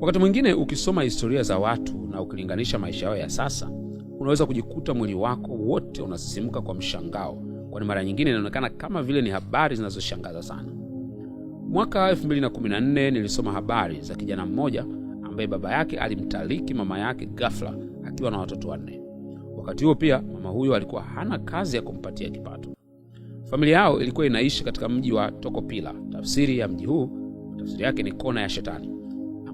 Wakati mwingine ukisoma historia za watu na ukilinganisha maisha yao ya sasa, unaweza kujikuta mwili wako wote unasisimka kwa mshangao, kwani mara nyingine inaonekana kama vile ni habari zinazoshangaza sana. Mwaka 2014 nilisoma habari za kijana mmoja ambaye baba yake alimtaliki mama yake ghafla akiwa na watoto wanne. Wakati huo pia mama huyo alikuwa hana kazi ya kumpatia kipato. Familia yao ilikuwa inaishi katika mji wa Tokopila. Tafsiri ya mji huu, tafsiri yake ni kona ya shetani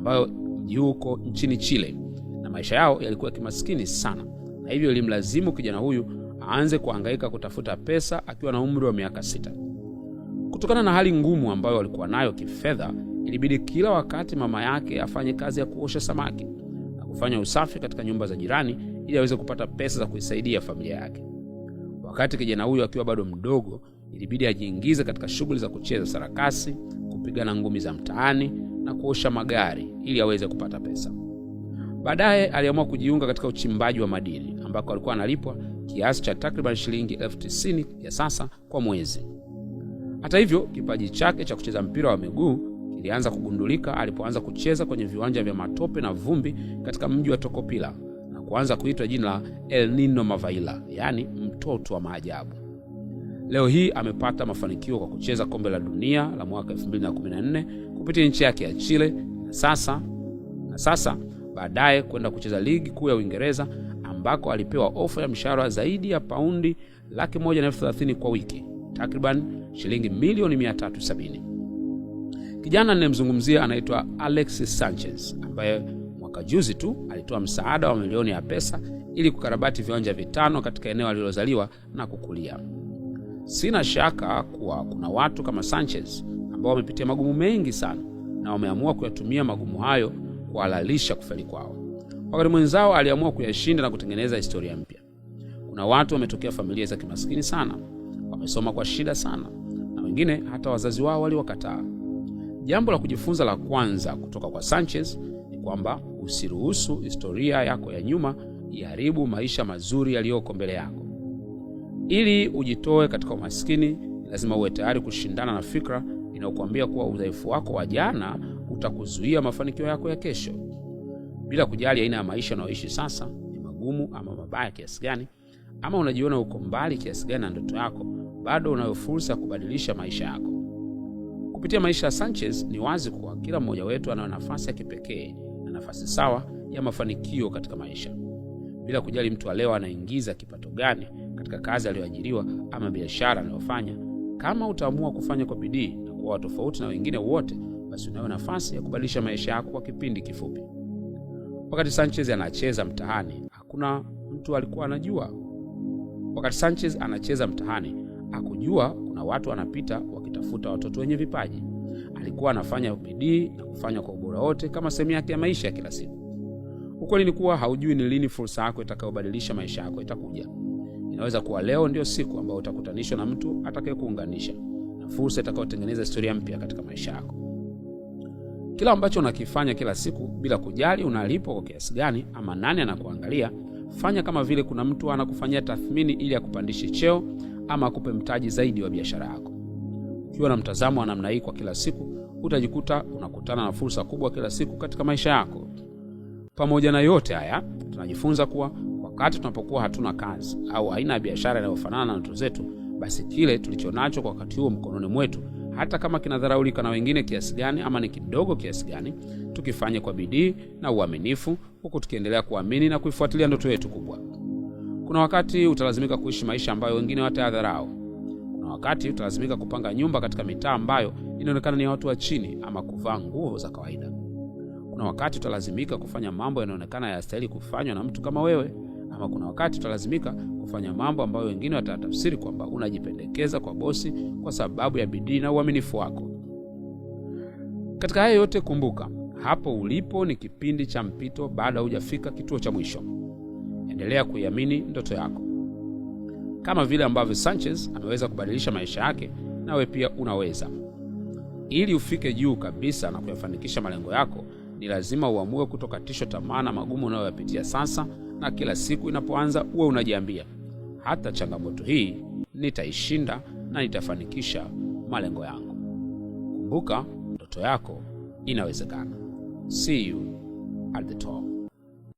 ambayo yuko nchini Chile na maisha yao yalikuwa kimaskini sana, na hivyo ilimlazimu kijana huyu aanze kuangaika kutafuta pesa akiwa na umri wa miaka sita. Kutokana na hali ngumu ambayo walikuwa nayo kifedha, ilibidi kila wakati mama yake afanye kazi ya kuosha samaki na kufanya usafi katika nyumba za jirani ili aweze kupata pesa za kuisaidia familia yake. Wakati kijana huyo akiwa bado mdogo, ilibidi ajiingize katika shughuli za kucheza sarakasi, kupigana ngumi za mtaani na kuosha magari ili aweze kupata pesa. Baadaye aliamua kujiunga katika uchimbaji wa madini ambako alikuwa analipwa kiasi cha takriban shilingi elfu tisini ya sasa kwa mwezi. Hata hivyo, kipaji chake cha kucheza mpira wa miguu kilianza kugundulika alipoanza kucheza kwenye viwanja vya matope na vumbi katika mji wa Tokopila na kuanza kuitwa jina la El Nino Mavaila, yaani mtoto wa maajabu. Leo hii amepata mafanikio kwa kucheza kombe la dunia la mwaka 214 kupitia nchi yake ya Chile na sasa, na sasa baadaye kwenda kucheza ligi kuu ya Uingereza ambako alipewa ofa ya mshahara zaidi ya paundi laki moja na elfu thelathini kwa wiki, takriban shilingi milioni 370. Kijana ninayemzungumzia anaitwa Alexis Sanchez ambaye mwaka juzi tu alitoa msaada wa milioni ya pesa ili kukarabati viwanja vitano katika eneo alilozaliwa na kukulia. Sina shaka kuwa kuna watu kama Sanchez ambao wamepitia magumu mengi sana na wameamua kuyatumia magumu hayo kuhalalisha kufeli kwao, wakati mwenzao aliamua kuyashinda na kutengeneza historia mpya. Kuna watu wametokea familia za kimaskini sana, wamesoma kwa shida sana, na wengine hata wazazi wao waliwakataa. Jambo la kujifunza la kwanza kutoka kwa Sanchez ni kwamba usiruhusu historia yako ya nyuma iharibu maisha mazuri yaliyoko mbele yako. Ili ujitoe katika umaskini, lazima uwe tayari kushindana na fikra inayokuambia kuwa udhaifu wako wa jana utakuzuia mafanikio yako ya kesho. Bila kujali aina ya maisha unayoishi sasa ni magumu ama mabaya kiasi gani, ama unajiona uko mbali kiasi gani na ndoto yako, bado unayo fursa ya kubadilisha maisha yako kupitia maisha ya Sanchez. Ni wazi kuwa kila mmoja wetu anayo nafasi ya kipekee na nafasi sawa ya mafanikio katika maisha. Bila kujali mtu wa leo anaingiza kipato gani katika kazi aliyoajiriwa ama biashara anayofanya. Kama utaamua kufanya kwa bidii na kuwa tofauti na wengine wote, basi unayo nafasi ya kubadilisha maisha yako kwa kipindi kifupi. Wakati Sanchez anacheza mtahani, hakuna mtu alikuwa anajua. Wakati Sanchez anacheza mtahani hakujua kuna watu wanapita wakitafuta watoto wenye vipaji. Alikuwa anafanya bidii na kufanya kwa ubora wote kama sehemu yake ya maisha ya kila siku. Ukweli ni kuwa haujui ni lini fursa yako itakayobadilisha maisha yako itakuja. Inaweza kuwa leo ndio siku ambayo utakutanishwa na mtu atakayekuunganisha na fursa itakayotengeneza historia mpya katika maisha yako. Kila ambacho unakifanya kila siku, bila kujali unalipwa kwa kiasi gani ama nani anakuangalia, fanya kama vile kuna mtu anakufanyia tathmini ili akupandishe cheo ama akupe mtaji zaidi wa biashara yako. Ukiwa na mtazamo wa namna hii kwa kila siku, utajikuta unakutana na fursa kubwa kila siku katika maisha yako. Pamoja na yote haya, tunajifunza kuwa Wakati tunapokuwa hatuna kazi au aina ya biashara inayofanana na ndoto zetu, basi kile tulichonacho kwa wakati huo mkononi mwetu, hata kama kinadharaulika na wengine kiasi gani ama ni kidogo kiasi gani, tukifanye kwa bidii na uaminifu, huku tukiendelea kuamini na kuifuatilia ndoto yetu kubwa. Kuna wakati utalazimika kuishi maisha ambayo wengine watayadharau. Kuna wakati utalazimika kupanga nyumba katika mitaa ambayo inaonekana ni ya watu wa chini ama kuvaa nguo za kawaida. Kuna wakati utalazimika kufanya mambo yanayoonekana yastahili kufanywa na mtu kama wewe ama kuna wakati utalazimika kufanya mambo ambayo wengine watatafsiri kwamba unajipendekeza kwa bosi kwa sababu ya bidii na uaminifu wako. Katika haya yote, kumbuka hapo ulipo ni kipindi cha mpito, baada hujafika kituo cha mwisho. Endelea kuiamini ndoto yako, kama vile ambavyo Sanchez ameweza kubadilisha maisha yake, nawe pia unaweza. Ili ufike juu kabisa na kuyafanikisha malengo yako, ni lazima uamue kutokatishwa tamaa na magumu unayoyapitia sasa na kila siku inapoanza uwe unajiambia, hata changamoto hii nitaishinda na nitafanikisha malengo yangu. Kumbuka, ndoto yako inawezekana. See you at the top.